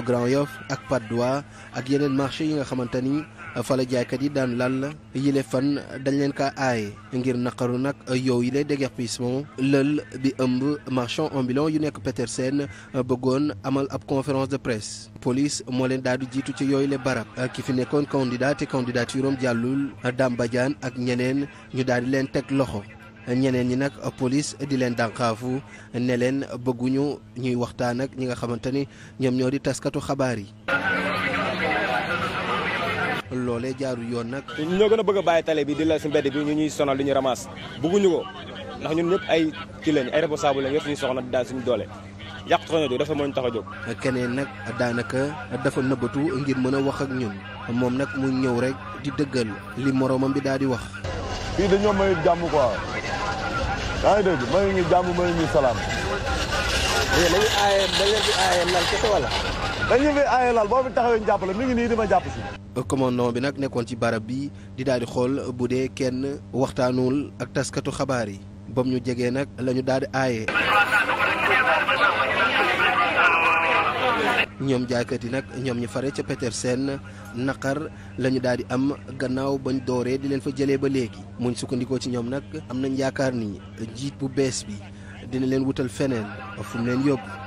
Grand Yoff ak Patte ak yeneen marché yi nga xamante ni fa jaaykat yi daan lal yile fan dañ leen kaa aay ngir naqaru nag yow yi lay déguerpissement lël bi ëmb marchand ambulant yu nekk Petersen bëggoon amal ab conférence de presse police moo leen daal di jiitu ci yooyu le barab ki fi nekkoon candidat te candidature am jàllul Dame Badiane ak ñeneen ñu daal di leen teg loxo ñeneen ñi nag police di leen dànkaafu ne leen bëgguñu ñuy waxtaan ak ñi nga xamante ni ñoom ñoo di taskatu xabaar yi. loole jaaru yoon nag. ñoo gën a bëgg a bàyyi tale bi di la si mbedd bi ñu ñuy sonal di ñu ramaas bëgguñu ko ndax ñun ñëpp ay kii lañ ay responsable lañ yor suñu soxna daal suñu doole. yàq tax a jóg dafa moo ñu tax jóg. keneen nag daanaka dafa nëbbatu ngir mën a wax ak ñun moom nag mu ñëw rek di dëggal li moroomam bi daal di wax. fii dañoo mayut jàmm quoi yaa ngi ñu jàmm mayu ñu salaam. léegi aaye dañ kese wala. dañu fi aaye lal boo taxawee ñu jàppale mi ngi nii di ma jàpp si. commandant bi nag nekkoon ci barab bi di daal di xool bu dee kenn waxtaanuwul ak taskatu xabaar yi bam ñu jegee nag lañu ñu daal di aaye. ñoom jaaykat yi nag ñoom ñu fare ca Petersen naqar la ñu daal di am gannaaw bañ dooree di leen fa jëlee ba léegi muñ sukkandikoo ci ñoom nag am nañ yaakaar ni njiit bu bees bi dina leen wutal feneen fu leen yóbbu